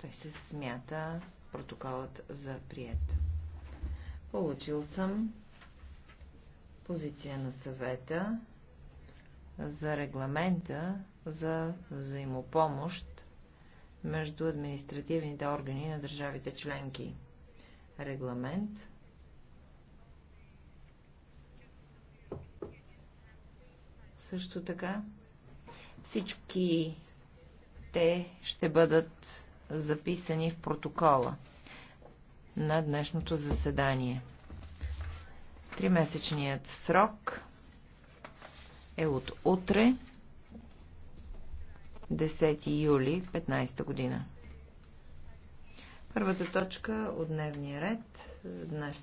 Той се смята протоколът за прият. Получил съм позиция на съвета за регламента за взаимопомощ между административните органи на държавите членки. Регламент също така. Всички те ще бъдат записани в протокола на днешното заседание. Тримесечният срок е от утре, 10 юли 15 година. Първата точка от дневния ред днес